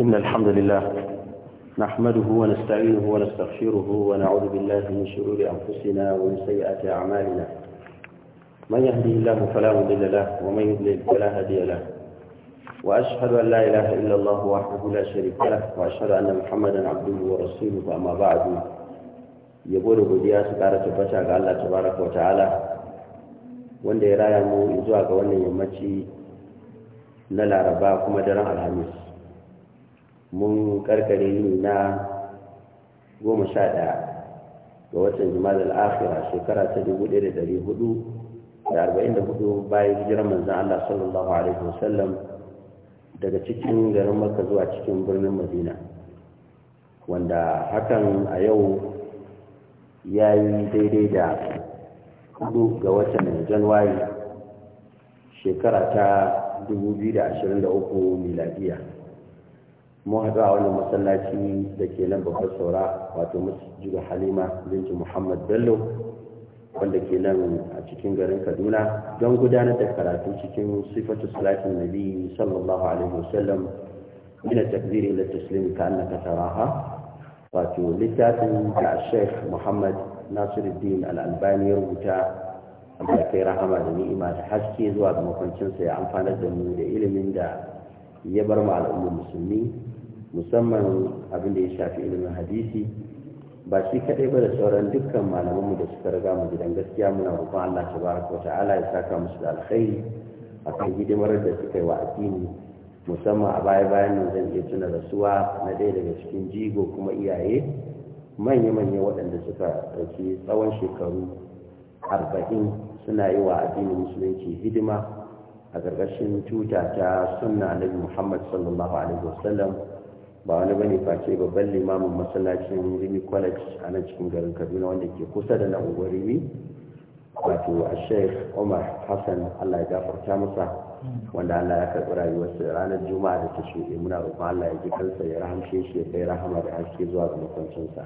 إن الحمد لله نحمده ونستعينه ونستغفره ونعوذ بالله من شرور أنفسنا ومن سيئات أعمالنا من يهدي الله فلا مضل له ومن يضلل فلا هادي له وأشهد أن لا إله إلا الله وحده لا شريك له وأشهد أن محمدا عبده ورسوله وأما بعد يقول godiya su ƙara tabbata ga Allah tabaraka wa ta'ala wanda ya raya mu zuwa ga wannan yammaci na laraba kuma daren alhamis mun karkare yi na goma sha ɗaya ga watan jimadar afira shekara ta dubu ɗaya da ɗari hudu da arba'in da hudu bayan hijirar manzan Allah sallallahu alaihi wasallam daga cikin garin maka zuwa cikin birnin Madina wanda hakan a yau ya yi daidai da hudu ga watan Januwari shekara ta 2023 miladiya. mun haɗu a wannan masallaci da ke nan babbar saura wato masjidu halima binti muhammad bello wanda ke nan a cikin garin kaduna don gudanar da karatu cikin sifatu salatin nabi sallallahu alaihi wasallam min takbiri da taslimi ka annaka taraha wato littafin da sheikh muhammad nasiruddin al-albani ya rubuta Allah kai rahama da ni'ima da haske zuwa ga makwancinsa ya amfanar da mu da ilimin da ya bar mu al'ummar musulmi musamman abin da ya shafi ilimin hadisi ba shi kaɗai ba da sauran dukkan malamanmu da suka riga mu gidan gaskiya muna roƙon Allah tabaraka wata'ala ya saka musu da alkhairi akan hidimar da suka yi wa addini musamman a baya bayan nan zan iya tuna rasuwa na ɗaya daga cikin jigo kuma iyaye manya-manya waɗanda suka ɗauki tsawon shekaru arba'in suna yi wa addinin musulunci hidima a ƙarƙashin tuta ta sunna annabi muhammad sallallahu alaihi wasallam ba wani bane face babban limamin masallacin rimi college a nan cikin garin kaduna wanda ke kusa da na unguwar rimi wato a sheikh umar hassan allah ya gafarta masa wanda allah ya karɓi rayuwarsa ranar juma'a da ta shuɗe muna roƙon allah ya ji kansa ya rahamshe shi ya kai rahama da haske zuwa ga makwancinsa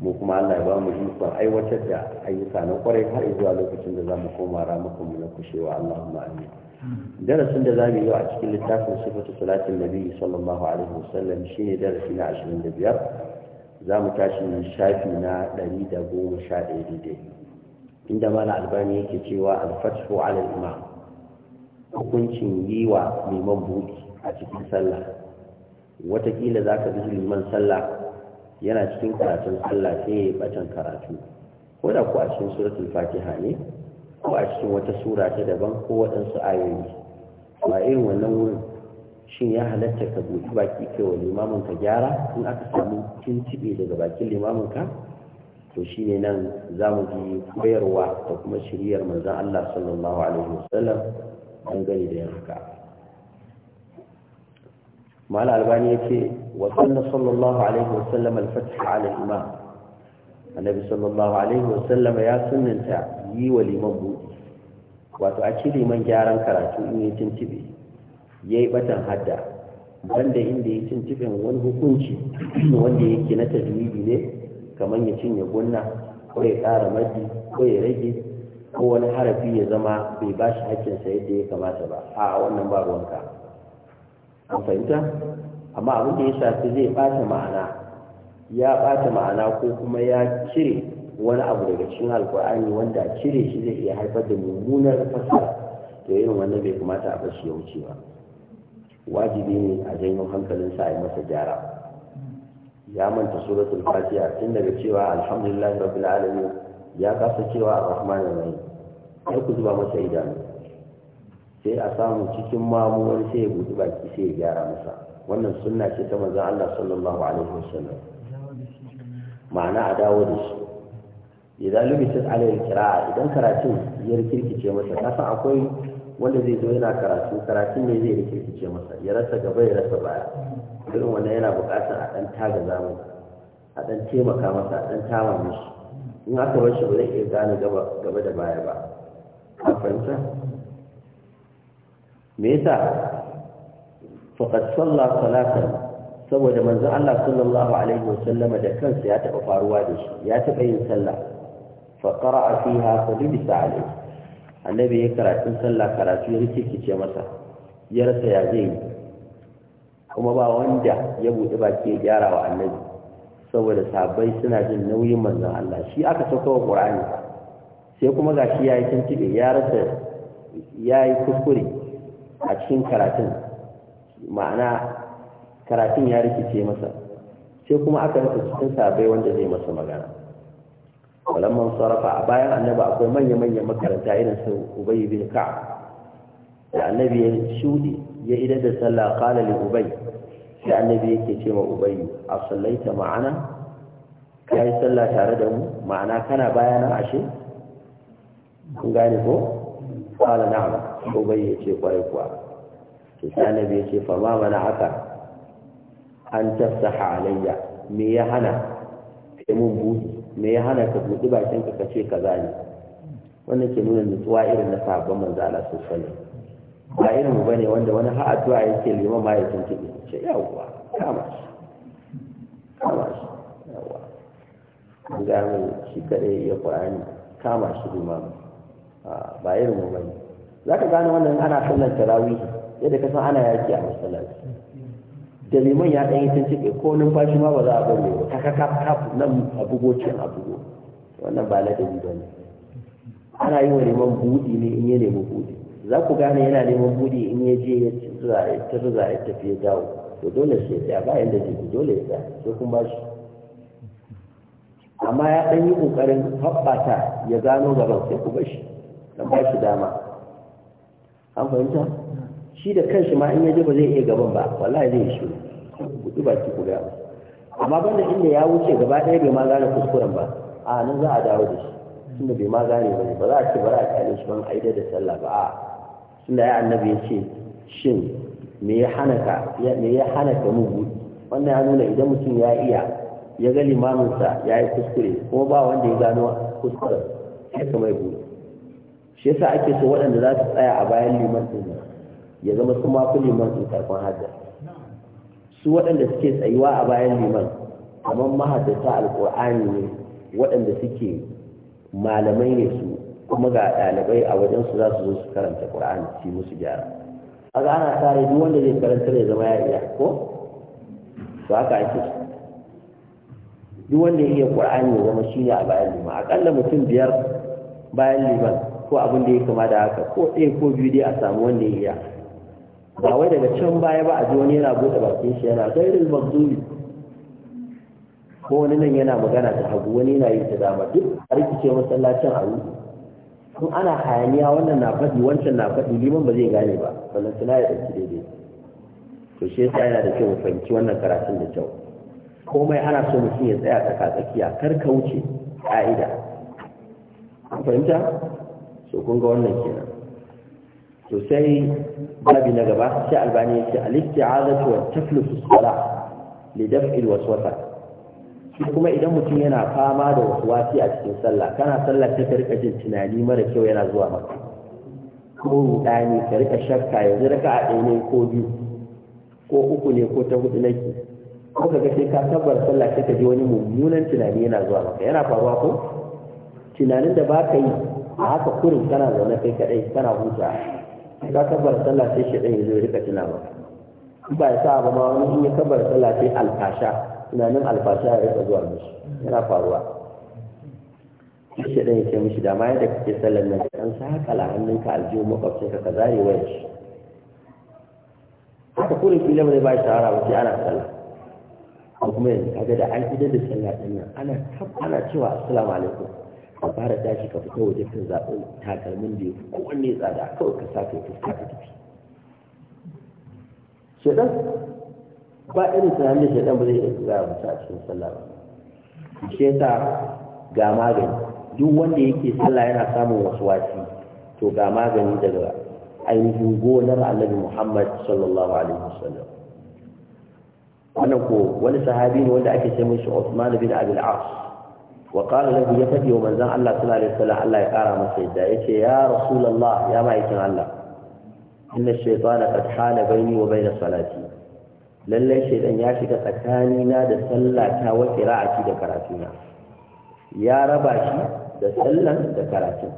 mu kuma allah ya ba mu ikon aiwatar da ayyuka na kwarai har zuwa lokacin da za mu koma ramukanmu na kushewa allahumma amin darasin da zamu yi a cikin littafin sifatu salatin nabi sallallahu alaihi wasallam shine darasi na 25 zamu tashi shafi na 111 daidai inda mana albani yake cewa al-fathu ala al-imam hukuncin yi wa liman buɗi a cikin sallah watakila za ka bi liman sallah yana cikin karatun sallah sai ya yi karatu ko da ku a cikin suratul fatiha ne ko a cikin wata sura ta daban ko waɗansu ayoyi ba irin wannan wurin shin ya halatta ka buɗe baki kai wa limamin ka gyara in aka samu tuntube daga bakin limamin ka to ne nan za mu ji koyarwa da kuma shiriyar manzon Allah sallallahu alaihi wasallam gani da yin haka mala albani yace wa sallallahu alaihi wasallam al-fath ala al-imam annabi sallallahu alaihi wasallam ya sunnanta yi wa liman buɗi wato a ci liman gyaran karatu in yi tuntube ya yi batan hadda banda inda ya tuntuben wani hukunci wanda yake na tajwidi ne kamar ya cinye gunna ko ya ƙara maji ko ya rage ko wani harafi ya zama bai ba shi hakkinsa yadda ya kamata ba a wannan ba ruwanka an fahimta amma abin da ya shafi zai ɓata ma'ana ya ɓata ma'ana ko kuma ya cire wani abu daga cikin alkur'ani wanda a cire shi zai iya haifar da mummunar fasara to irin wannan bai kamata a bar shi ya wuce ba wajibi ne a janyo hankalin sa a yi masa gyara ya manta suratul fatiha tun daga cewa alhamdulillah rabbil alamin ya kasa cewa arrahman rahim sai ku zuba masa idanu sai a samu cikin mamu wani sai ya budi baki sai ya gyara masa wannan sunna ce ta manzon Allah sallallahu alaihi wasallam ma'ana a dawo da shi idan lumitin alayhi kira idan karatun ya rikirkice masa kasan akwai wanda zai zo yana karatu karatun ne zai rikirkice masa ya rasa gaba ya rasa baya irin wannan yana buƙatar a ɗan taga zamu a ɗan taimaka masa a ɗan tama mishi in aka bar shi ba zai iya gane gaba da baya ba a fahimta me yasa faqad salla salatan saboda manzon Allah sallallahu alaihi wasallama da kansa ya taba faruwa da shi ya taba yin sallah faƙara a fi duk bisa alai annabi ya karatun sallah karatu ya rikikice masa ya rasa ya zai yi kuma ba wanda ya buɗe baki ya gyara wa annabi saboda sabai suna jin nauyin manzon Allah shi aka sauka wa Qur'ani sai kuma gashi yayi tuntube ya rasa yayi kuskure a cikin karatun ma'ana karatun ya rikice masa sai kuma aka rasa cikin sabai wanda zai masa magana walamman sarrafa a bayan annabi akwai manya-manyan makaranta irin su ubay bin ka'ab da annabi ya shudi ya idar da sallah kala li ubay sai annabi yake ce wa ubay a sallaita ma'ana kai sallah tare da mu ma'ana kana bayana ashe kun gane ko kala na'am ubay ya ce kwarai kuwa sai annabi ya ce fa ma mana haka an tafsaha alayya me ya hana kai mun buɗe me ya hana ka buɗi bakin ka kace kaza ne wannan ke nuna nutsuwa irin na sabon manzo Allah sallallahu alaihi ba irin mu bane wanda wani har addu'a yake lema ma ya tunke ce yawwa kama shi kama shi yawwa an ga mu shi kare ya Qur'ani kama shi liman ba irin mu bane zaka gane wannan ana sallar tarawih yadda ka san ana yaki a masallaci da liman ya ɗan yi cikin ko numfashi ma ba za a bari ba ta kaka kaf nan a bugo can a bugo wannan ba ladabi ba ne ana yi wa liman buɗi ne in ya nemi buɗi za ku gane yana neman buɗi in ya je ya ci ya tura ya tafi ya dawo to dole sai ya tsaya ba yanda zai dole ya tsaya sai kun ba shi amma ya ɗan yi ƙoƙarin haɓɓata ya gano gaban sai ku shi dan ba shi dama an fahimta shi da kanshi ma in yaje ba zai iya gaban ba wallahi zai shi gudu ba ki gaba amma banda inda ya wuce gaba ɗaya bai ma gane kuskuren ba a nan za a dawo da shi tunda bai ma gane ba ba za a ce ba za a kyale shi ban aida da sallah ba a tunda ya annabi ya ce shin me ya hana ka me ya hana ka mugu wannan ya nuna idan mutum ya iya ya ga limaminsa ya yi kuskure kuma ba wanda ya gano kuskuren sai ka mai gudu shi yasa ake so waɗanda za su tsaya a bayan liman ɗin ya zama su mafi liman su karfin hajja su waɗanda suke tsayuwa a bayan liman kamar mahaddata alƙur'ani ne waɗanda suke malamai ne su kuma ga ɗalibai a wajen su za su zo su karanta ƙur'ani su musu gyara a ga ana tare duk wanda zai karanta ya zama ya iya ko to haka ake duk wanda ya iya ƙur'ani ya zama shi ne a bayan liman aƙalla mutum biyar bayan liman ko abin da ya kama da haka ko ɗaya ko biyu dai a samu wanda ya iya ba wai daga can baya ba a ji wani yana buɗe bakin shi yana gairul magdubi ko wani nan yana magana ta hagu wani yana yi ta dama duk a rikice masallacin a rufe kun ana hayaniya wannan na faɗi wancan na faɗi liman ba zai gane ba sannan suna ya ɗauki daidai to shi yasa yana da kyau fahimci wannan karatun da kyau komai ana so mutum ya tsaya tsaka tsakiya kar ka wuce ƙa'ida an fahimta so kun ga wannan kenan Sosai, babi na gaba sai albani ya ce al-isti'azatu wa taflisu salah li daf'il waswasa shi kuma idan mutum yana fama da waswasi a cikin sallah kana sallah ta karka jin tunani mara kyau yana zuwa maka ko ne ka rika shakka yanzu raka a ɗaya ne ko biyu ko uku ne ko ta hudu nake ko ka ga sai ka tabbar sallah sai ka ji wani mummunan tunani yana zuwa maka yana faruwa ko tunanin da ba ka yi a haka kurin kana zaune kai kaɗai kana hutawa ga kabar sallah sai shi ɗan zai rika tuna ba ya sa ba ma wani in ya kabar sallah sai alfasha tunanin alfasha ya rika zuwa mishi yana faruwa shi ɗan ya ce mishi dama yadda kake sallar nan ka ɗan sakala hannunka aljihun makwabcin ka ka zare wayar shi haka kurin kila ba zai ba shi shawara ba sai ana sallah kuma yanzu kaga da an idar da sallah ɗin nan ana cewa assalamu alaikum ka fara tashi ka fita waje ka zaɓen takalmin da ya fi kowanne tsada kawai ka sa kai fuska ka tafi shaɗan ba irin tunanin da shaidan ba zai iya tsaya mutu a cikin sallah ba shi yasa ga magani duk wanda yake sallah yana samun wasu wasi to ga magani daga ainihin gonar annabi muhammad sallallahu alaihi wasallam wannan ko wani sahabi ne wanda ake ce mishi Uthman bin Abi al-As wa qala lahu ya fadi wa manzon Allah sallallahu alaihi wasallam Allah ya kara masa yadda yace ya rasulullah ya ma'aikin Allah inna shaytana qad hala baini wa baina salati lalle shaytan ya shiga tsakani na da sallata wa qira'ati da karatuna ya raba shi da sallan da karatun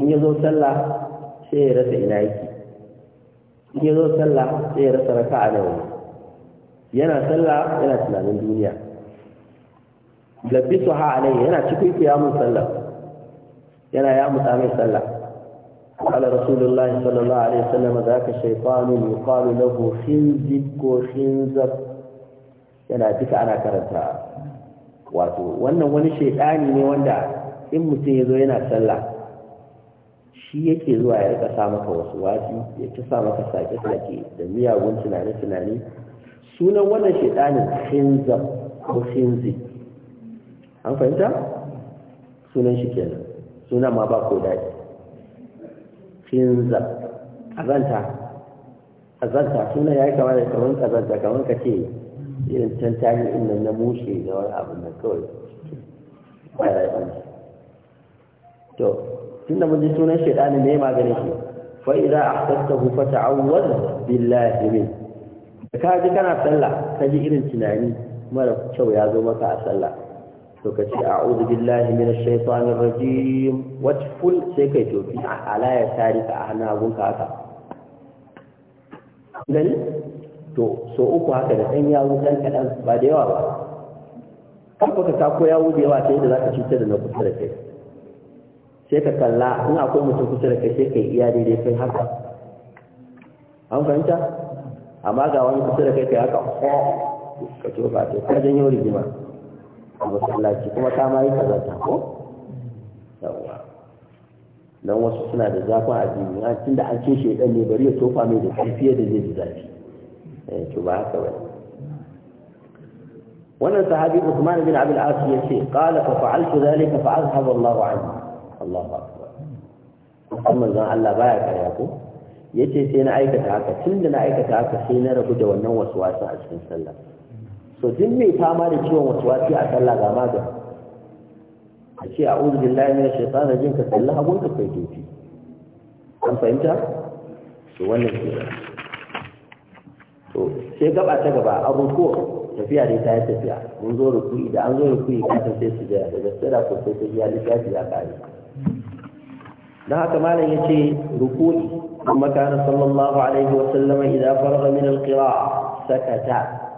in ya zo sallah sai ya rasa ina yake in ya zo sallah sai ya rasa raka'a nawa yana sallah yana tunanin duniya labbisu ha alai yana cikin ku sallah yana ya mutsa mai sallah قال رسول الله صلى الله عليه وسلم ذاك شيطان يقال له خنزب خنزب yana duka ana karanta wato wannan wani shaitani ne wanda in mutum ya zo yana sallah shi yake zuwa ya rika sa maka wasu wasi ya ci sa maka sake-sake da miyagun tunane-tunane sunan wannan shaitanin khinzab ko khinzib an fahimta sunan shi kenan sunan ma ba ko daɗi finza azanta azanta sunan ya yi kama da kamar azanta kamar ka ce irin can tari inda na mushe da wani abu na kawai ba ya yi to tun da mun ji sunan shaidani ne maganin shi fa idza ahtastahu fa ta'awwad billahi min ka ji kana sallah ka ji irin tunani mara kyau ya zo maka a sallah lokaci a uzu billahi min shaitanir rajim watful sai kai tofi a alaya tarika a hannun abunka haka gani to so uku haka da ɗan yawo ɗan kaɗan ba da yawa ba kan baka ka ko yawo da yawa ta yadda za ka cutar da na kusa da kai sai ka kalla in akwai mutum kusa da kai sai ka iya daidai kai haka an fahimta amma ga wani kusa da kai kai haka ka ba to ka janyo rigima a masallaci kuma ta ma yi ta ko yawwa dan wasu suna da zafin addini a tun da an ce shaidan ne bari ya tofa mai da ƙarfi da zai ji zafi eh to ba haka bane wannan sahabi Uthman bin Abi al-As ce qala fa fa'altu zalika fa azhaba Allah anni Allahu akbar muhammad zan Allah baya kare ko yace sai na aikata haka tunda na aikata haka sai na rabu da wannan waswasa a cikin sallah to duk mai fama da ciwon wasu wasu a sallah ga magani a ce a uzu billahi min tsara jin ka tsalla hagun ka kai tofi an fahimta to wannan ke to sai gaba ta gaba a ruku tafiya dai ta yi tafiya mun zo ruku da an zo ruku ka ta sai su jira daga sada ko sai ta biya littafi ya kare don haka malam ce ruku'i amma kana sallallahu alaihi wa sallama idza faraga min alqira sakata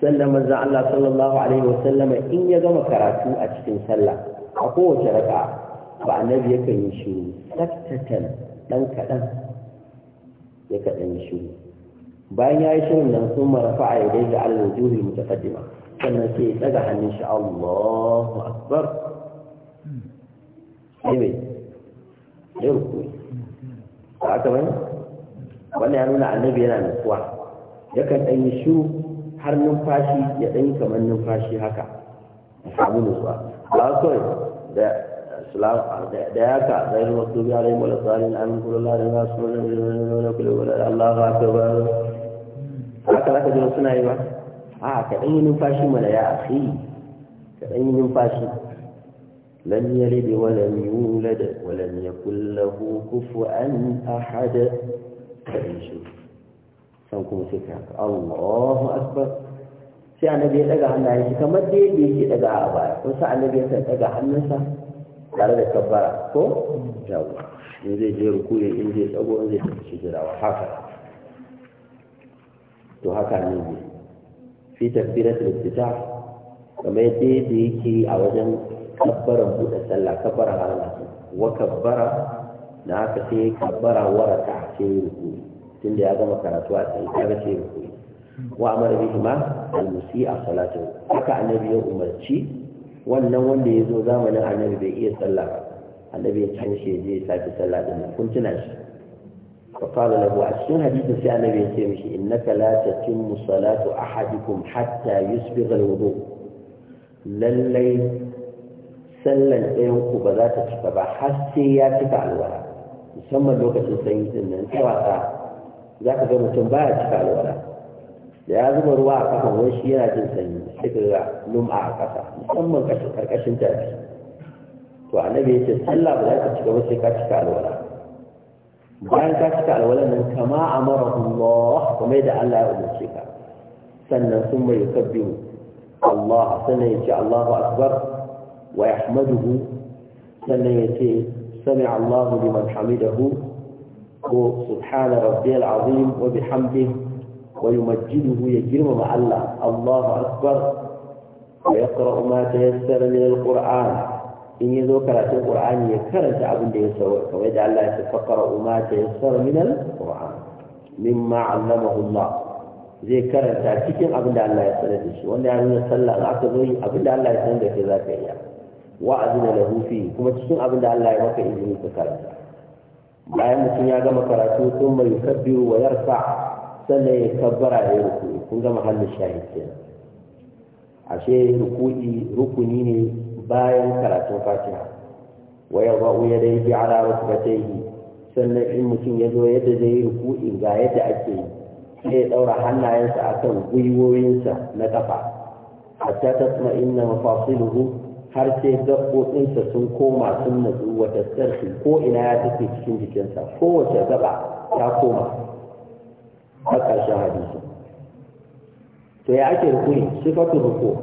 sannan manzan Allah sallallahu alaihi wasallama in ya gama karatu a cikin sallah a kowace raka ba annabi yakan yi shiru tattatan dan kadan ya kadan yi shiru bayan ya yi shirin nan sun marafa a yadda ga juri mutaqaddima sannan sai ya daga hannun shi Allahu akbar sai mai ya ruku ba aka bane wannan ya nuna annabi yana nutsuwa yi shiru har numfashi ya ɗan kamar numfashi haka samu nutsuwa ba kawai da da ya ka zai ruwa su biya rai mula tsarin an kula larin za su wani wani kula wani Allah ba ka ba haka za ka ji suna yi ba a ka ɗan yi numfashi mana ya a fi ka ɗan yi numfashi لم يلد ولم يولد ولم يكن له كفوا أحد فإن شئت san kuma sai ka haka Allahu akbar sai annabi ya daga hannayen shi kamar da yadda yake daga a baya kun sa annabi ya san daga hannunsa tare da kabbara ko jawo in zai je ruku ne in zai tsago in zai tafi jirawa haka to haka ne ne fi da fita kamar yadda yake a wajen kabbaran buɗe sallah kabbara harama wa kabbara na haka sai kabbara warata sai ruku tun da ya gama karatu a tsaye kaga sai ya koyi wa amara bihi ma al a salatu haka annabi ya umarci wannan wanda ya zo zamanin annabi bai iya sallah ba annabi ya can shi je ya sake sallah din kun tuna shi fa qala lahu a cikin hadisi sai annabi ya ce mishi innaka la tatimmu salatu ahadikum hatta yusbigha al-wudu lallai sallan ɗayan ku ba za ta cika ba har sai ya cika alwala musamman lokacin sanyi din nan ta wasa za ka ga mutum baya cika alwala da ya zuba ruwa a kafan wani shi yana jin sanyi sai ka ga lum'a a ƙasa musamman ƙarƙashin tafi to annabi ya ce sallah ba za ka cika ba sai ka cika alwala bayan ka cika alwala nan kama amara Allah kuma da Allah ya umarce ka sannan sun mai yukabbiru Allah sannan ya ce Allahu akbar wa yahmaduhu sannan ya ce sami Allahu liman hamidahu سبحان ربي العظيم وبحمده ويمجده يجرم مع الله الله أكبر ويقرأ ما تيسر من القرآن إن يذكر القرآن يكرت عبد يسوعك ويجعل الله تفقر ما تيسر من القرآن مما علمه الله زي كرت تكن عبد الله يسلك وأن يعني صلى العقد عبد الله يسلك ذاك إياه وأذن له فيه كما تكن عبد الله يمكن إذن كرت bayan mutum ya gama karatu sun mai kabbiru wa yarfa sannan ya kabbara ya yi rukuni kun gama hannun shahid ke. ashe rukuni rukuni ne bayan karatun fatiha wa ya ba'u ya dai bi ala rukbatayhi sannan in mutum ya zo yadda zai yi rukuni ga yadda ake yi sai ya daura hannayensa akan gwiwoyinsa na kafa hatta tasma mafasiluhu har sai gaɓoɓinsa sun koma sun natsu wata tsarki ko ina ya take cikin jikinsa kowace gaba ta koma a ƙarshen hadisi to ya ake rukuni sifatu ruku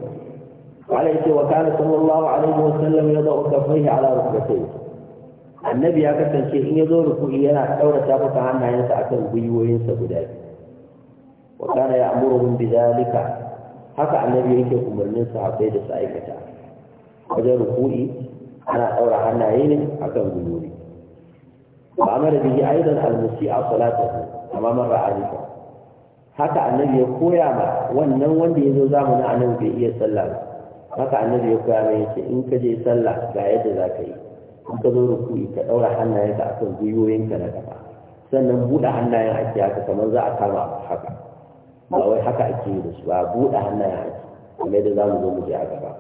wala ce wa kana sallallahu alaihi wa sallam ya da'u kafaihi ala rukbatayhi annabi ya kasance in ya zo ruku'i yana ɗaura tafukan hannayensa akan gwiwoyinsa guda biyu wa kana ya'muruhum bidhalika haka annabi yake umarnin sahabbai da su aikata wajen ruku'i ana ɗaura hannaye ne a kan gwiwoyi wa amara bihi aidan almusi a salatahu amma man ra'a haka annabi ya koya ma wannan wanda ya zo zamanin annabi bai iya sallah ba haka annabi ya koya mai yace in ka je sallah ga yadda za ka yi in ka zo ruku'i ka ɗaura hannaye ka a kan gwiwoyinka na gaba sannan buɗe hannayen ake haka kamar za a kama haka ba wai haka ake yi da su ba buɗe hannayen ake kamar yadda za mu zo mu je a gaba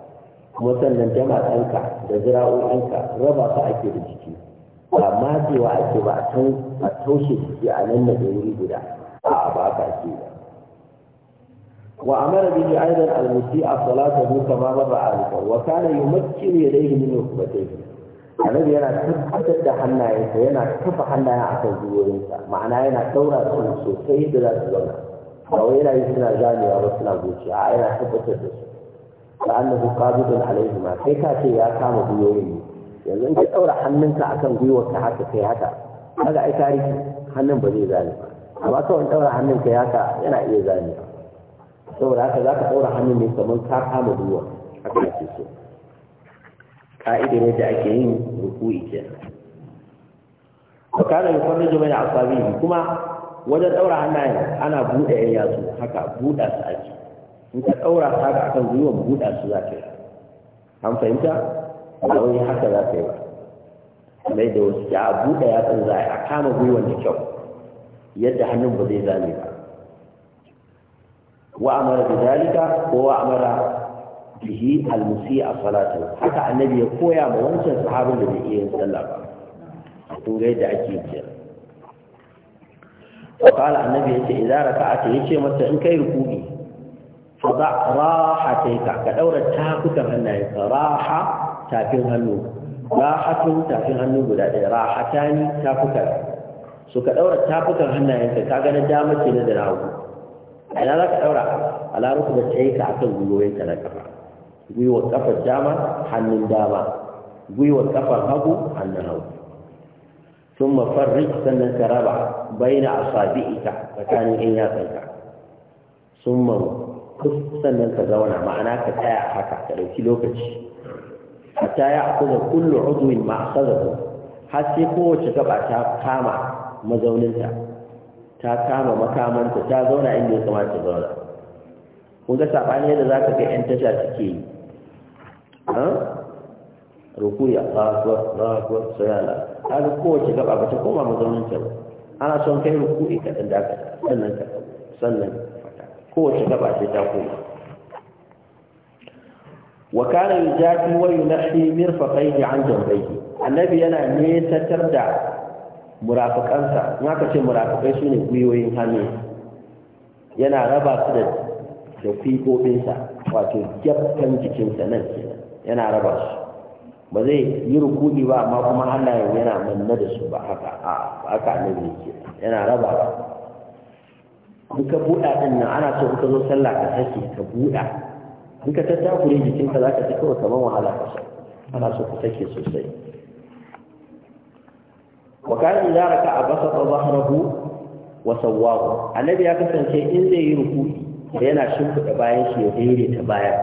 kuma sannan jama'anka da zira'o'inka raba su ake da jiki ba matsewa ake ba a taushe jiki a nan na wuri guda a ba ka ake ba a به wa المسيء yi makin ya آنفا yi يمكن يديه من ركبتيه annabi yana tabbatar da hannayensa yana kafa hannayen a kan zuwoyinsa ma'ana yana daura su sosai da za su zauna ba yana yi suna jamia ba suna zuciya a yana tabbatar da su da annahu qabidun ma kai ka ce ya kama guyoyin yanzu in ka daura hannunka akan gwiwar ka haka kai haka kaga ai tarihi hannun ba zai zane ba amma kawai daura ya ka haka yana iya zane saboda haka za ka daura hannun ne kamar ka kama gwiwar haka ake so ka'idar yadda ake yin ruku'i kenan wa kana yufarriju bayna asabihi kuma wajen daura hannaye ana buɗe yan yatsu haka buɗa su ake in ka ɗaura ta ga akan gwiwa buɗa su za ka yi an fahimta ba wani haka za ka yi ba mai da wasu ya buɗa ya tsan za a kama gwiwar da kyau yadda hannun ba zai zame ba wa amara bi zalika ko wa amara bihi almusi a salatu haka annabi ya koya ma wancan sahabin da bai iya yin sallah ba kun ga yadda ake yi kenan fa qala annabi yace ka raka'ata yace mata in kai rukubi ba raha ta yi ka ɗaura tafukan hannayen ka raha tafin hannu tun tafin hannu guda ɗaya raha ta ni tafukan su ka ɗaura tafukan hannayen ka kaga na dama ce na da hu a ina za ka ɗaura a laruku da ta yi ka akan gwiwoyin ka na kafa gwiwar kafar dama hannun dama gwiwar kafar hagu hannun hagu sun mafarrik sannan ka raba bai na asabi ita tsakanin in yatsanka sun mamu sannan ka zauna ma'ana ka tsaya haka ka ɗauki lokaci hatta ya kuma kullu udwin ma akhadahu har sai kowace gaba ta kama mazauninta ta kama makamanta ta zauna inda ya kamata ta zauna kun ga sabani yadda ka ga yan tasha suke yi rukuya Allahu Allahu Ta ga kowace gaba ba ta koma mazauninta ba ana son kai ruku'i kaɗan da ka sannan ka sannan kowace gaba sai ta koma wa kana yujafi wa yunahi mirfaqaihi an jambayhi annabi yana nesatar da murafikansa in aka ce murafikai sune guyoyin hannu yana raba su da da wato gyaftan jikinsa nan yana raba su ba zai yi rukuni ba amma kuma hannayen yana manna da su ba haka a haka annabi yake yana raba in ka buɗa ɗin nan ana so ka zo sallah ka sake ka buɗa in ka tattakure jikinka za ka ci kawai kamar wahala ka so ana so ka sake sosai wa kana idza raka basata dhahrahu wa sawwahu annabi ya kasance in zai yi ruku'i yana shimfida bayan shi ya daidaita baya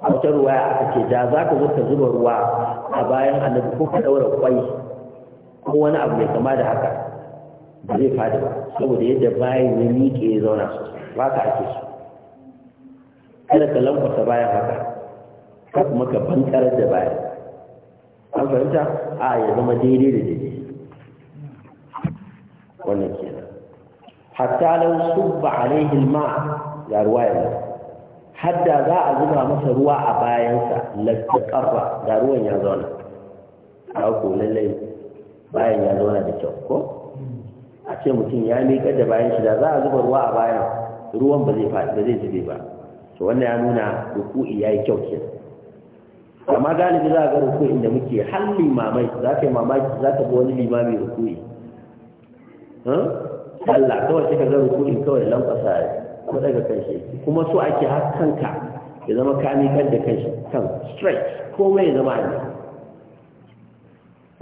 a wata ruwa aka ce da za ka zo ka zuba ruwa a bayan annabi ko ka daura kwai ko wani abu mai kama da haka ba zai fadi ba saboda yadda bayan ya miƙe ya zauna sosai ba ka ake so kada ka lankwasa bayan haka ka kuma ka bankar da bayan an fahimta a ya zama daidai da daidai wannan kenan hatta lau a alaihi hilma ga ruwa ya hadda za a zuba masa ruwa a bayansa lafi ƙafa, ga ruwan ya zauna a ko lallai bayan ya zauna da kyau ko a ce mutum ya miƙa da bayan shi da za a zuba ruwa a bayan ruwan ba zai faɗi ba zai zube ba to wannan ya nuna ruku'i yayi kyau ke amma galibi za a ga ruku'in da muke har limamai za ka yi mamaki za ka ga wani limami ruku'i Allah kawai sai ka ga ruku'in kawai lankwasa ko daga shi kuma so ake har kanka ya zama ka miƙar da shi kan straight komai ya zama a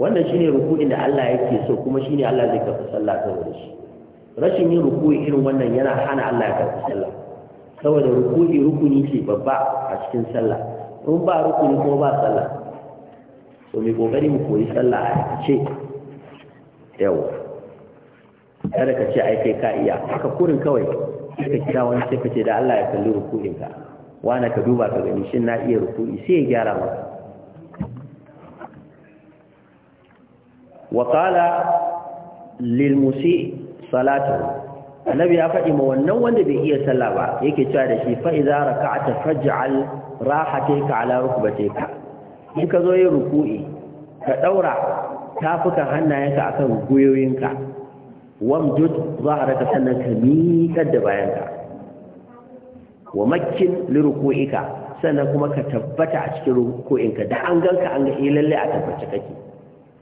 wannan shine ruku'in da Allah yake so kuma shine Allah zai karɓi sallah saboda shi rashin yin ruku'i irin wannan yana hana Allah ya karɓi sallah saboda ruku'i rukuni ce babba a cikin sallah in ba rukuni kuma ba sallah to mai kokari mu koyi sallah a ce yau kada ka ce ai kai ka iya haka kurin kawai sai ka kira wani sai ka ce da Allah ya kalli ruku'in ka wani ka duba ka gani shin na iya ruku'i sai ya gyara maka wa qala lil musi salatu annabi ya faɗi ma wannan wanda bai iya sallah ba yake cewa da shi fa idza raka'ata faj'al rahatayka ala rukbatayka in ka zo yin ruku'i ka daura tafukan hannayenka akan goyoyinka wamjud zahraka sannan ka miƙa da bayanka wa makkin liruku'ika sannan kuma ka tabbata a cikin ruku'inka da an ganka an ga ilalle eh, a tabbata kake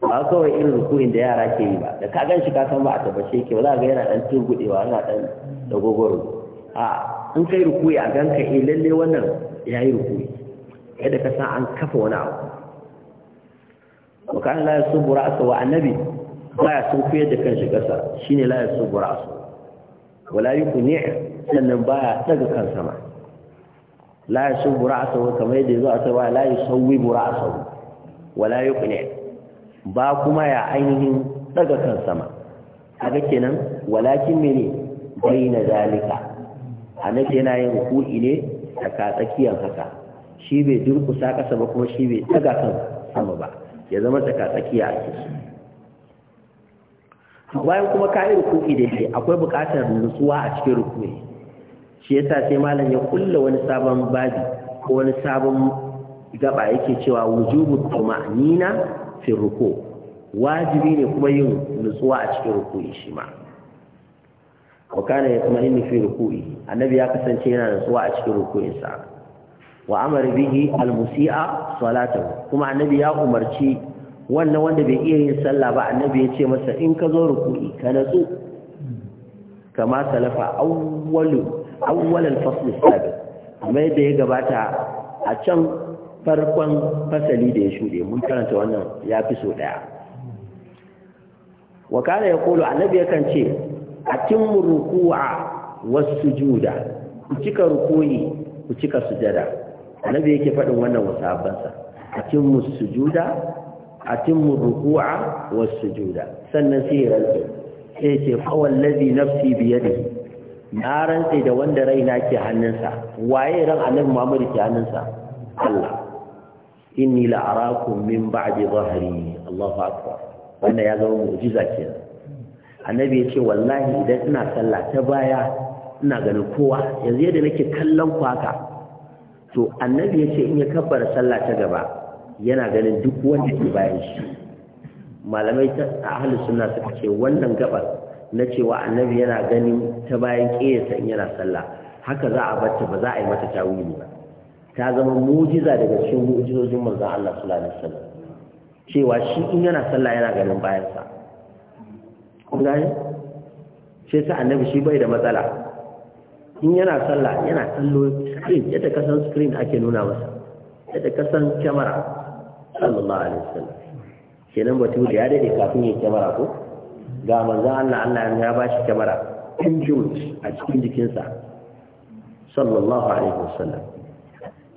ba kawai irin rukunin da yara ke yi ba da ka gan shi ka san ba a tabbace ke ba za ga yana dan tun gudewa yana dan dagogoro a in kai rukuyi a gan ka eh lalle wannan ya yi rukuyi yadda ka san an kafa wani abu wa kan sun bura ra'sa wa annabi ba ya sun kuyar da kan shi kasa shine la yasubu ku wala yukuni sannan baya daga kan sama sun bura ra'sa kamar yadda zo a ta ba la yusawi ra'sa wala yukuni ba kuma ya ainihin daga kan sama kaga kenan walakin mene bayna zalika annabi yana yin ruku'i ne tsaka tsakiyar haka shi bai durkusa kasa ba kuma shi bai daga kan sama ba ya zama tsaka tsakiya a bayan kuma ka yi ruku'i da shi akwai buƙatar nutsuwa a cikin ruku'i shi yasa sai malam ya kulla wani sabon babi ko wani sabon gaba yake cewa wujubu tuma'nina fi ruku wajibi ne kuma yin nutsuwa a cikin ruku'i shi ma wa kana inni fi ruku'i annabi ya kasance yana nutsuwa a cikin ruku'in sa wa amara bihi al-musi'a salatu. kuma annabi ya umarci wannan wanda bai iya yin sallah ba annabi ya ce masa in ka zo ruku'i ka natsu kama salafa awwalu awwal al-fasl as-sabiq amma yadda ya gabata a can farkon fasali da ya shuɗe mun karanta wannan ya fi so ɗaya wa kana ya kolo annabi yakan ce a cin ruku'a wasu juda ku cika rukuni ku cika sujada annabi yake faɗin wannan wasu abansa a cin musu juda, a cin ruku'a wasu juda sannan sai rantsu sai ce fawon lazi nafsi ne na rantse da wanda raina ke hannunsa waye ran annabi muhammadu ke hannunsa Allah inni la'arakum min ba'di dhahri Allahu akbar wannan ya zama mu'jiza kenan annabi ya ce wallahi idan ina sallah ta baya ina ganin kowa yanzu yadda nake kallon ku haka to annabi ya ce in ya kabbara sallah ta gaba yana ganin duk wanda ke bayan shi malamai ta ahli sunna suka ce wannan gabar na cewa annabi yana ganin ta bayan kiyasa in yana sallah haka za a ta ba za a yi mata tawili ba ta zama mujiza daga cikin mujizojin manzon Allah sallallahu alaihi wasallam cewa shi in yana sallah yana ganin bayansa kun gane sai sa annabi shi bai da matsala in yana sallah yana kallo screen yadda kasan screen ake nuna masa yadda kasan kyamara sallallahu alaihi wasallam kenan batu da ya dade kafin ya kyamara ko ga manzon Allah Allah ya ba shi kyamara injin a cikin jikinsa sallallahu alaihi wasallam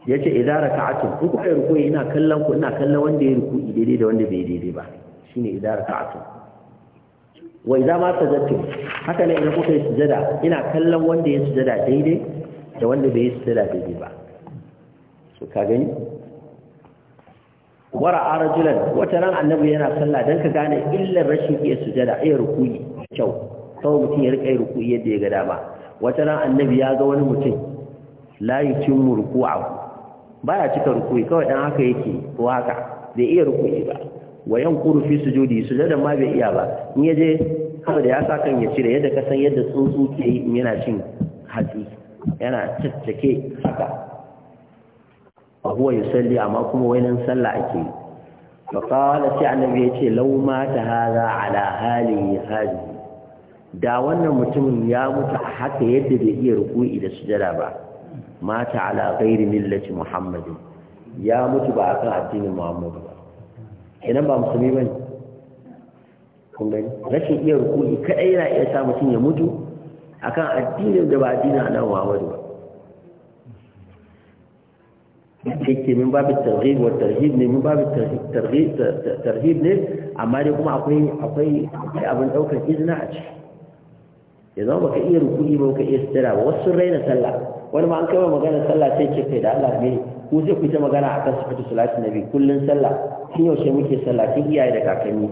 ya ce raka'atu ku ku kai ruku ina kallon ku ina kallon wanda ya ruku daidai da wanda bai daidai ba shine idza raka'atu wa idan ma sajadtu haka ne idan kuka yi sujada ina kallon wanda ya sujada daidai da wanda bai yi sujada daidai ba so ka gani wara arajulan wata ran annabi yana sallah dan ka gane illar rashin iya sujada iya ruku kyau kawai mutum ya rika yi ruku yadda ya ga dama wata ran annabi ya ga wani mutum la yutimmu ruku'ahu baya cika ruku'i kawai dan haka yake ko haka bai iya ruku'i ba wa su fi sujudi sujudan ma bai iya ba in yaje kuma da ya sa kan ya cire yadda ka san yadda tsuntsu ke yi in yana cin hatsi yana caccake haka a huwa salli amma kuma wainan sallah ake yi faƙala sai annabi ya ce lauma ta haza ala hali hali da wannan mutumin ya mutu a haka yadda bai iya ruku'i da sujada ba mata ala ghairi millati muhammadin ya mutu ba akan addinin muhammadu ba idan ba musulmi ba ne kun gani rashin iya rukuni kadai yana iya sa mutum ya mutu akan addinin da ba addinin annabi muhammadu ba yake min babu targhib wa tarhib ne min babu targhib tarhib ne amma dai kuma akwai akwai abin daukar izina a ciki ya zama ka iya rukuni ba ka iya sitira ba wasu raina sallah wani ma an kai magana sallah sai ke fai da Allah ne ku zai ku ta magana akan sifatu salati nabi kullun sallah kin yaushe muke sallah kin iyaye da kakanni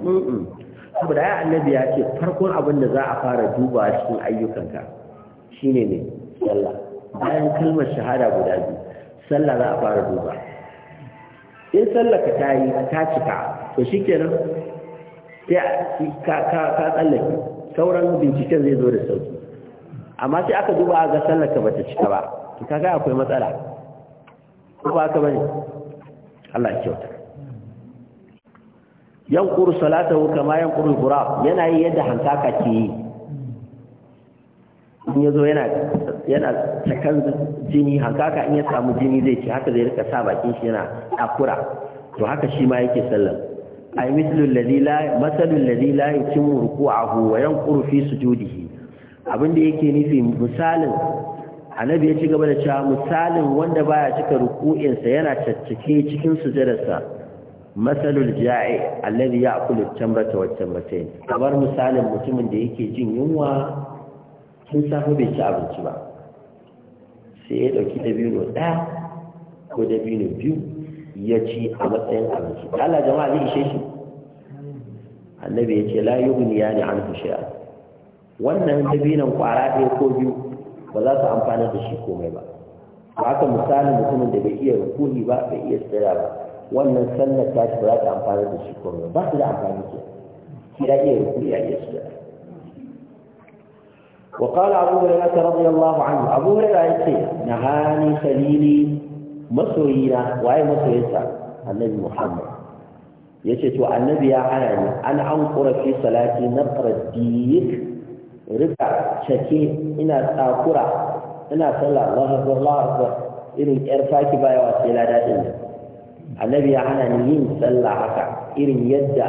saboda ya annabi ya ce farkon abin da za a fara duba cikin ayyukanka shine ne sallah bayan kalmar shahada guda biyu sallah za a fara duba in sallah ka tayi ta cika to shikenan sai ka ka ka tsallake sauran binciken zai zo da sauki amma sai aka duba ga sallar ka bata cika ba to kaga akwai matsala ko ba ka bane Allah ya kyauta yankuru salatahu kama yankuru qurab yana yi yadda hankaka ke yi in yazo yana yana takan jini hankaka in ya samu jini zai ci haka zai rika sa bakin shi yana akura to haka shi ma yake sallar ay mithlu alladhi la mathalu alladhi la yutimmu ruku'ahu wa yanquru fi sujudihi abin da yake nufi misalin annabi ya ci gaba da cewa misalin wanda baya cika ruku'insa yana caccake cikin sujadarsa masalul ja'i alladhi ya'kulu tamrata wa tamratayn kamar misalin mutumin da yake jin yunwa tun safe bai ci abinci ba sai ya dauki dabino ɗaya ko dabino biyu ya ci a matsayin abinci Allah jama'a zai ishe shi annabi ya ce la yughni yani anhu shay'a wannan dabinan kwara ɗaya ko biyu ba za su amfana da shi komai ba haka misalin mutumin da bai iya rukuni ba bai iya tsira ba wannan sannan ta ba za ta amfana da shi komai ba su da amfani ke shi ya iya rukuni ya iya tsira وقال أبو هريرة رضي الله عنه أبو هريرة يقول نهاني خليلي مسوينا وأي مسويسا النبي محمد يقول النبي يا حناني an أنقر في salati na الديك rika cake ina tsakura ina sallah Allahu akbar Allahu akbar irin yar faki baya wa sai lada din nan annabi ya hana ni yin sallah haka irin yadda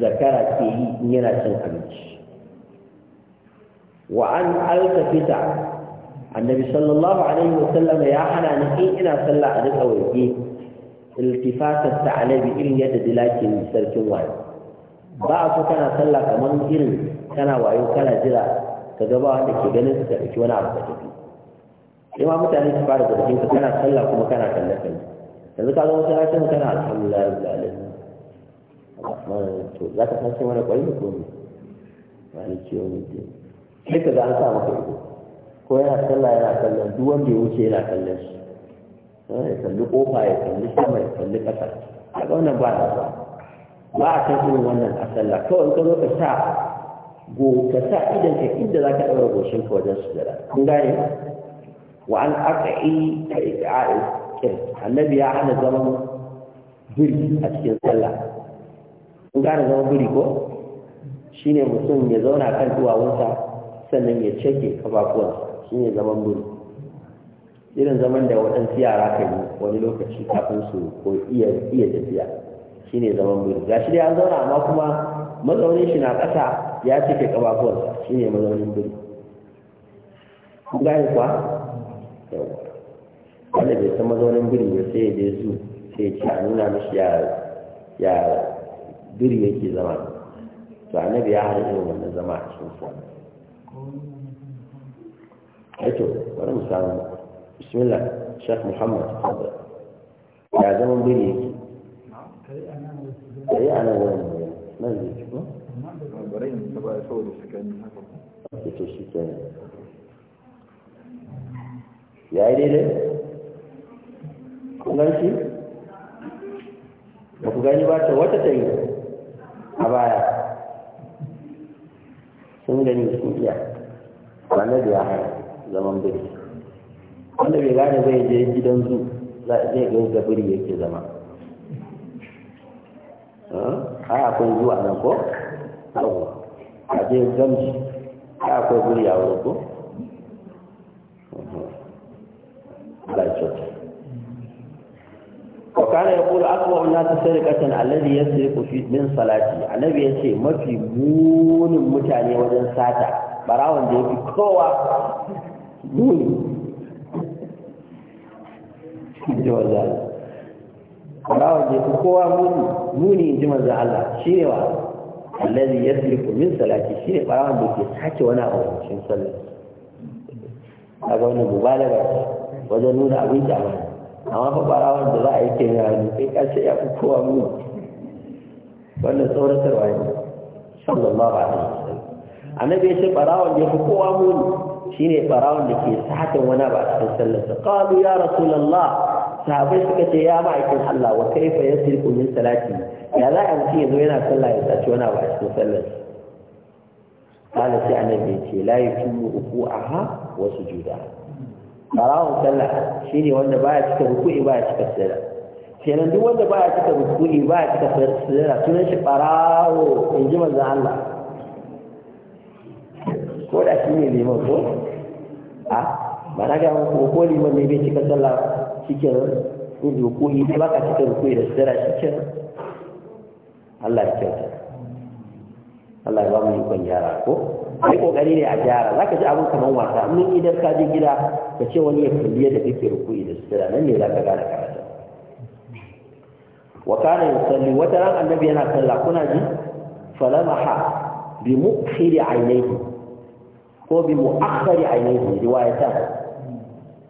zakara ke yi in yana cin abinci wa an alkafita annabi sallallahu alaihi wa sallam ya hana ni in ina sallah a duka waje iltifatar ta alabi irin yadda dilakin sarkin wani ba a so kana sallah kamar irin kana wayo kana jira ka gaba wanda ke ganin su ka ɗauki wani abu da tafi sai ma mutane su fara zargin ka kana sallah kuma kana kalle kalle yanzu ka zo masallacin kana alhamdulillah rabbil alamin amma to za ka san sai wani kwari ko ne ciwo ne ke sai ka ga an sa maka ido ko yana sallah yana kallon duk wanda ya wuce yana kallon shi ya kalli kofa ya kalli sama ya kalli kasa a ga wannan ba da ba ba a kan irin wannan a sallah kawai ka zo ka sa go ka sa idan ka inda za ka ɗaura goshin ka wajen sujada kun gane wa an aqi ka iqa'i kin annabi ya hana zaman biri a cikin sallah kun gane zaman biri ko shi ne mutum ya zauna kan duwawunsa sannan ya cake kafafuwansa ne zaman biri irin zaman da waɗansu yara kan yi wani lokaci kafin su ko iya iya tafiya ne zaman biri shi dai an zauna amma kuma mazaunin shi na ƙasa ya cike shi ne mazaunin biri kun gane kuwa wanda bai san mazaunin biri ya sai da su sai ci a nuna mashi ya ya biri yake zama to annabi ya hada irin wannan zama a cikin su. aito eh wani mu bismillah shek muhammad ya zama biri yake kai eh, a nan wani nan zai ci saboda su gani haka ya shi kenan ya yi daidai kun gan shi ba ku gani ba ta wata ta yi a baya sun gani sun iya ranar da ya hana zaman biri wanda bai gane zai je gidan zu zai ga yadda biri yake zama a akwai zuwa nan ko? àti ìjọ́mì káàkọ́ ìgbìrì àwọn ogó aláìjọ́jọ́ ọ̀kánà ìkúrò akọ̀ ọ̀nà ti sẹ́rẹ̀ kẹsàn alẹ́bí yẹn ṣe kò fi mí ń sọ́láàtì alẹ́bí yẹn ṣe mọ́fì múni mútàní wọ́n sáàtà gbàráwọ̀n dé fi kọ́wà múni ìjọba gbàráwọ̀n dé fi kọ́wà múni múni ìjọba zàlà ṣíwàá allazi yasrifu min salati ne bawan da ke sace wani abu a cikin sallah kaga wannan mubalaga wajen nuna abin ba amma fa barawar da za a yi kenan na hannu sai ka ce ya fi kowa mu wannan tsoratarwa ne sallallahu alaihi wasallam annabi ya ce barawar da ya fi kowa mu shine barawar da ke sace wani abu a cikin sallah qalu ya rasulullah sahabai suka ce ya aikin Allah wa kaifa yasriku min salati ya za a mutum yanzu yana sallah ya sace wani abu a cikin sallar kala sai annabi ya ce la a ha wa sujuda Barawon sallah shi ne wanda baya cika ruku'i baya cika sujada kenan duk wanda baya cika ruku'i baya cika sallah tunan shi barawo in ji manzo Allah ko da shi ne neman ko a ah, ba na ga ko liman ne bai cika sallah shikenan in ruku'i ba ka cika ruku'i da sujjada cikin Allah ya kyauta Allah ya ba mu ikon gyara ko ai kokari ne a gyara za ka ji abin kamar wasa mun idan ka je gida ka ce wani ya kulliya da kake rukuni da sujjada nan ne za ka gane karatu wa kana yusalli wata ran annabi yana sallah kuna ji falamaha bi mukhiri aynayhi ko bi muakhkhari aynayhi riwayatan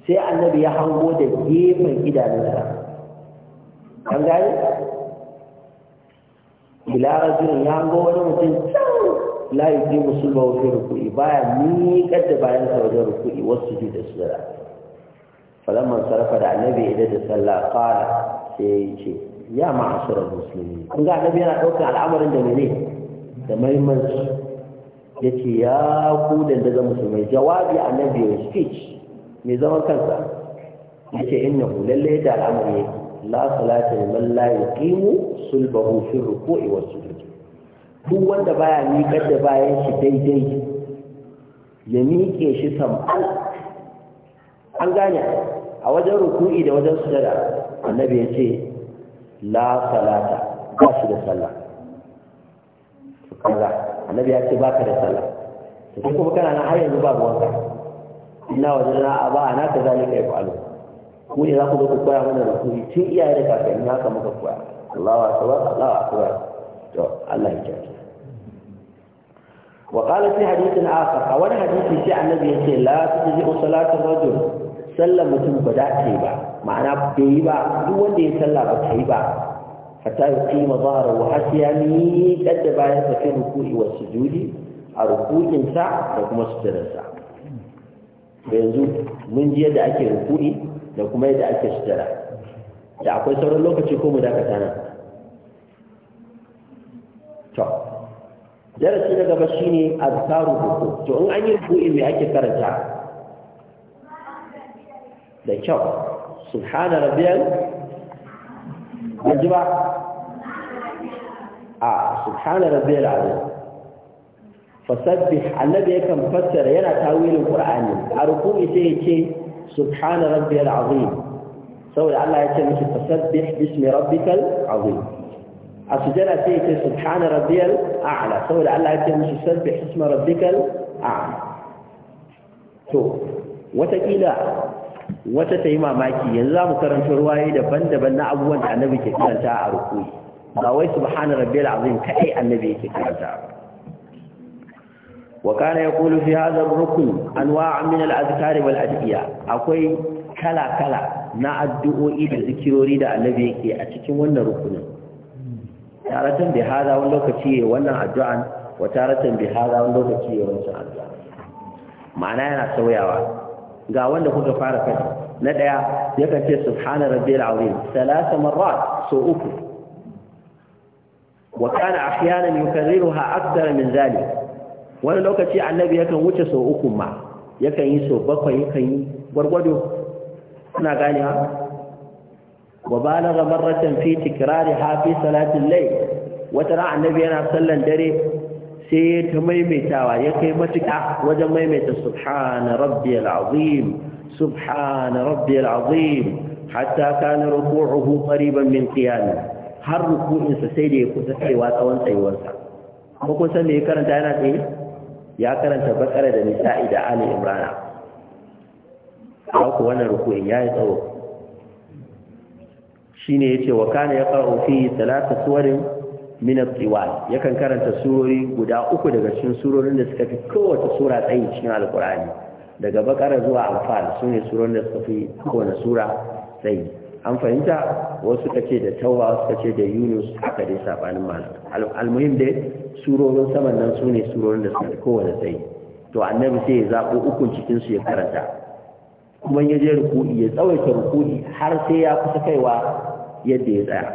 sai annabi ya hango da gefen idanunsa an gani ila jirin ya hango wani mutum can la musulma wajen rukuri baya miƙar da bayan sa wajen rukuri wasu ji da sura falamman sarrafa da annabi ida da sallah fara sai ya ce ya ma'ashirar musulmi kun ga annabi yana ɗaukar al'amarin da mene da mahimmanci ya ce ya ku daga musulmai jawabi annabi ya speech mai zaman kansa yace innahu lalle da al'amari la salata liman la yuqimu sulbahu fi ruku'i was sujud duk wanda baya miƙar da bayan shi daidai ya miƙe shi sam'al an gane a wajen ruku'i da wajen sujada annabi ya ce la salata ba shi da sallah kaza annabi ya ce ba ka da sallah to kuma kana nan har yanzu babu ruwanka ina wajen na a ba na ka zalika ku ne za ku zo ku koya mana rukuni tun iyaye da kakanni haka muka koya Allahu akbar Allahu akbar to Allah ya kiyaye wa qala fi hadithin akhar a wani hadisi sai annabi yace la tujzi salatu rajul sallan mutum ba da ta yi ba ma'ana bai yi ba duk wanda ya salla ba ta yi ba hatta ya qima zahara wa hasiyani kadda bayan sa fi ruku'i wa sujudi a ruku'insa da kuma sujudarsa yanzu mun ji yadda ake rukuni da kuma yadda ake sujjada da akwai sauran lokaci ko mu dakata nan to darasi na gaba shine azkaru ruku to in an yi ruku'i me ake karanta da kyau subhana rabbiyal ajba a subhana rabbiyal azim fasabbih annabi yakan fassara yana tawilin qur'ani a ruku'i sai ya ce subhana rabbiyal azim saboda Allah ya ce mishi fasabbih bismi rabbikal azim a sujada sai ya ce subhana rabbiyal a'la saboda Allah ya ce mishi sabbih isma rabbikal a'la to watakila wata ta yi mamaki yanzu za mu karanta ruwaye daban-daban na abubuwan da annabi ke karanta a ruku'i ba wai subhana rabbiyal azim kaɗai annabi yake karanta ba وكان يقول في هذا الركن أنواع من الأذكار والأدعية أقول كلا كلا نا الدعوء إلى ذكروري دا النبي يكي أتكين وانا ركنا تارة بهذا ولو كتير وانا الدعاء وتارة بهذا ولو كتير وانا الدعاء معناه أنا سوياوا ga wanda kuka fara kai na daya yakan ce subhana rabbil azim salasa marrat so uku wa kana ahyanan yukarriruha akthar min zalik wani lokaci annabi yakan wuce sau uku ma yakan yi sau bakwai yakan yi gwargwado suna ganewa wa balagha marratan fi tikrari ha salatin lai wata ran annabi yana sallan dare sai ta maimaitawa ya kai matuka wajen maimaita subhana rabbi alazim subhana rabbi alazim, hatta kana ruku'uhu qariban min qiyam har ruku'insa sai da ya kusa kaiwa tsawon tsayuwarsa ko kun san me karanta yana tsaye ya karanta bakara da nisa'i da ali imrana ku wannan ruku'in ya yi tsawo shi ne ya ce wa kana ya ƙaro fi talata suwarin minat tsiwal yakan karanta surori guda uku daga cikin surorin da suka fi kowace sura tsayi cikin alkur'ani daga bakara zuwa amfani su ne surorin da suka fi kowane sura tsayi an fahimta wasu suka ce da tauba suka ce da yunus haka dai sabanin malam almuhim dai surorin saman nan su ne surorin da suka kowane sai. to annabi sai ya zaɓo ukun cikin su ya karanta kuma ya je ruku'i ya tsawaita ruku'i har sai ya kusa kaiwa yadda ya tsaya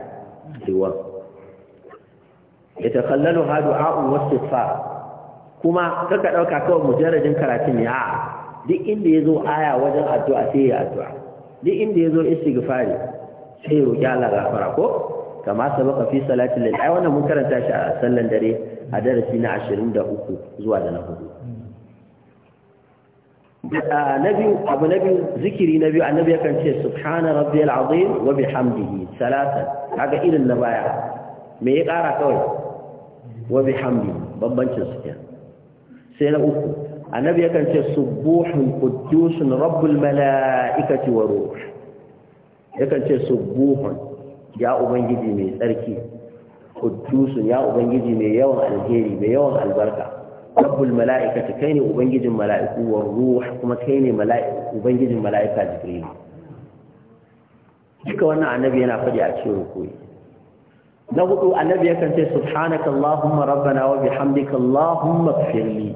cewa ya ha du'a'u wasifa kuma kaka dauka kawai mujarradin karatun ya duk inda yazo aya wajen addu'a sai ya addu'a duk inda yazo istighfari sai ya roki Allah gafara ko كما سبق في صلاة الليل أي وأنا منكرا تاشا صلى دري هذا رسينا عشرين ده أكو زوالا نهضو آه، نبي أبو نبي ذكري نبي عن نبي كان شيء سبحان ربي العظيم وبحمده ثلاثة حاجة إلى النبايا ميقع ركوي وبحمده ببنش سكيان سيلا أكو النبي كان شيء سبوح قدوس رب الملائكة وروح يكن شيء سبوح ya ubangiji mai tsarki kudusun ya ubangiji mai yawan alheri mai yawan albarka rabbul mala'ikati kai ne ubangijin mala'iku wa ruh kuma kai ne ubangijin mala'ika jibril duka wannan annabi yana faɗi a cikin rukuni na hudu annabi yakan ce subhanaka allahumma rabbana wa bihamdika allahumma ighfirli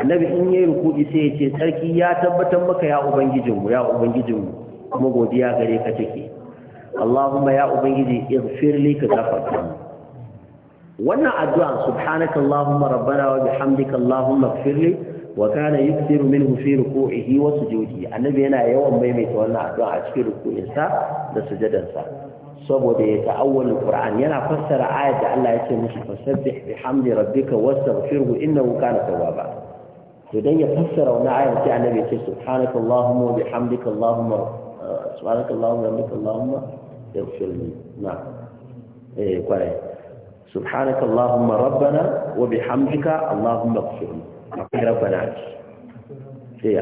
annabi in yayi rukuyi sai ya ce sarki ya tabbatar maka ya ubangijin mu ya ubangijin mu kuma godiya gare ka take Allahumma ya ubangiji ighfirli ka gafarta mu wannan addu'a subhanaka Allahumma rabbana wa bihamdika Allahumma ighfirli wa kana yukthiru minhu fi ruku'ihi wa sujudihi annabi yana yawan maimaita wannan addu'a a cikin ruku'insa da sujadansa saboda ya ta'awwal Qur'an yana fassara ayat da Allah yake ce fasabbih bihamdi rabbika wastaghfirhu innahu kana tawwaba to dan ya fassara wannan ayat sai annabi ya ce subhanaka Allahumma wa bihamdika Allahumma subhanaka Allahumma wa bihamdika Allahumma اغفر لي نعم ايه كويس سبحانك اللهم ربنا وبحمدك اللهم اغفر لي da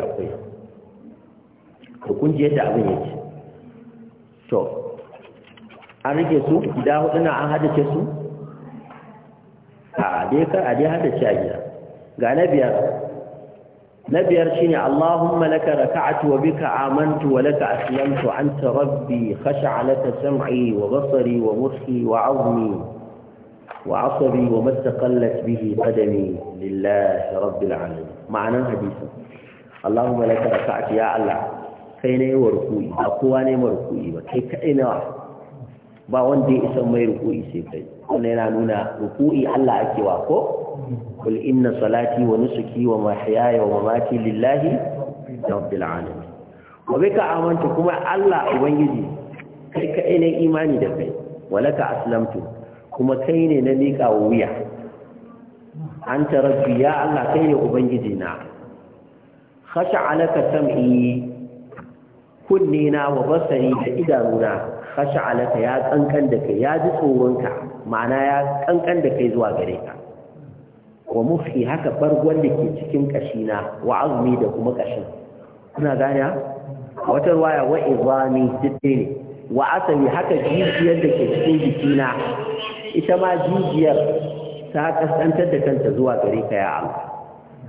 abin yake to an rike su da hudu na an su a dai biyar na biyar shine Allahumma laka raka'atu wa bika amantu wa laka aslamtu anta rabbi khasha'a laka sam'i wa basari wa murhi wa 'azmi wa 'asabi wa mastaqallat bihi qadami lillahi rabbil alamin ma'anan hadisi Allahumma laka raka'atu ya Allah kai ne wa ruku'i kowa ne ma ruku'i ba kai kai nawa ba wanda ya isa mai ruku'i sai kai wannan yana nuna ruku'i Allah ake wa ko kul inna salati wa nusuki wa mahyaya wa mamati lillahi rabbil alamin wa bika amantu kuma Allah ubangiji kai ka ne imani da kai walaka aslamtu kuma kai ne na mika wuya anta rabbi ya Allah kai ne ubangiji na khasha alaka sam'i kullina wa basari da idanuna alaka ya kankan da kai ya ji tsoronka ma'ana ya kankan da kai zuwa gare ka wa mufi haka bargon da ke cikin kashina wa azumi da kuma kashin kuna gane a wata ruwaya wa izami dukkan ne wa asali haka jijiyar da ke cikin jikina ita ma jijiyar ta kasantar da kanta zuwa gare ka ya Allah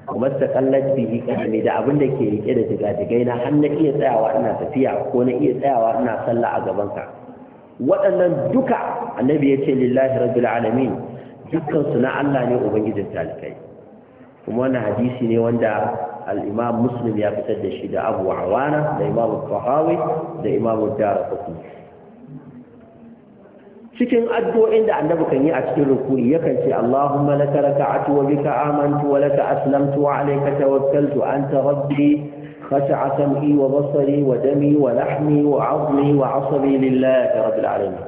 kuma ta kallat bihi kadami da abin da ke rike da jigajigai na har na iya tsayawa ina tafiya ko na iya tsayawa ina sallah a gaban ka waɗannan duka annabi ya ce lillahi rabbil alamin dukkan su na Allah ne ubangijin talikai kuma wannan hadisi ne wanda al-imam muslim ya fitar da shi da abu awana da imam al-fahawi da imam dara darqutni cikin addu'o'in da annabi kan yi a cikin rukuni yakan ce Allahumma laka raka'atu wa bika amantu wa laka aslamtu wa alayka tawakkaltu anta rabbi khasha'a sam'i wa basari wa dami wa lahmi wa 'azmi wa 'asabi lillahi rabbil alamin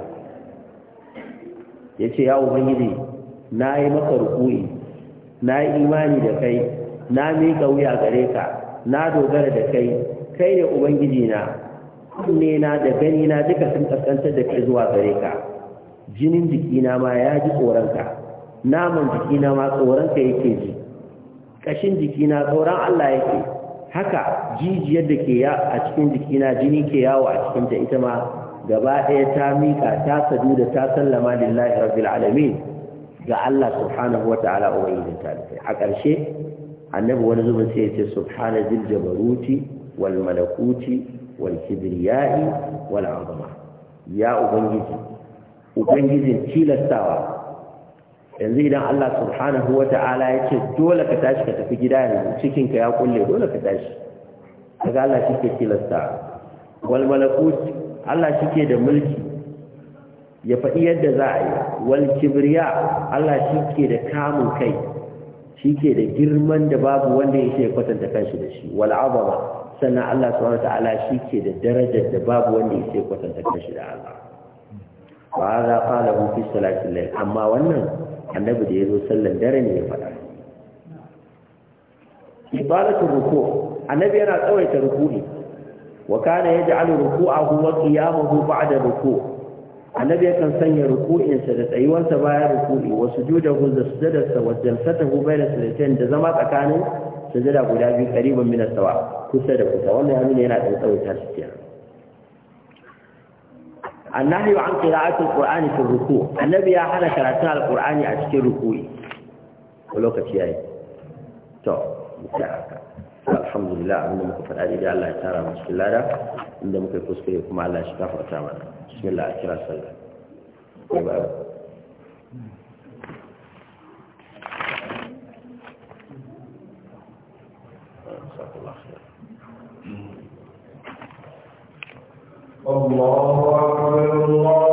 yace ya ubangiji yi maka rukuni Na yi imani da kai na miƙa wuya gare ka na dogara da kai kai ne ubangiji na kunne na da gani na duka sun kaskantar da kai zuwa gare ka jinin jikina ma ya ji tsoronka naman jikina ma tsoronka yake ji ƙashin jikina tsoron Allah yake haka jijiyar da ke ya a cikin jikina jini ke yawo a cikin ta ita ma gaba ɗaya ta miƙa ta sadu da ta sallama lillahi rabbil alamin ga Allah subhanahu wata'ala ubangijin talibai a ƙarshe annabi wani zubin sai ya ce subhana zil jabaruti wal malakuti wal kibriyai wal azama ya ubangiji ubangijin tilastawa yanzu idan Allah subhanahu wata'ala ya ce dole ka tashi ka tafi gida yanzu cikinka ya kulle dole ka tashi daga Allah shi ke tilastawa wal malakut Allah shi ke da mulki ya faɗi yadda za a yi wal kibriya Allah shi ke da kamun kai shi ke da girman da babu wanda ya ya kwatanta kanshi da shi wal azama sannan Allah subhanahu Ta'ala, shi ke da darajar da babu wanda ya ya kwatanta kanshi da Allah ba za fara hufi salatin lai amma wannan annabi da ya zo sallar dare ne ya faɗa ibaratun ruku annabi yana tsawaita rukuni wa kana ya ja'alu ruku'ahu wa qiyamahu ba'da ruku annabi yakan sanya ruku'insa da tsayuwarsa bayan wasu wa sujudahu da sujudarsa wa jalsatahu bayna sajdatain da zama tsakanin sujada guda biyu qariban min kusa da kusa wannan ya nuna yana tsawaita shi kenan النهي عن قراءة القرآن في الركوع النبي يا حنا القرآن أشكي ركوعي ولوك شيء تو الحمد لله عند مكفر أدي الله تعالى بسم الله ده عند مكفر كسكري كما الله شكاف وتعمل بسم الله أكرا صلى الله أكبر الله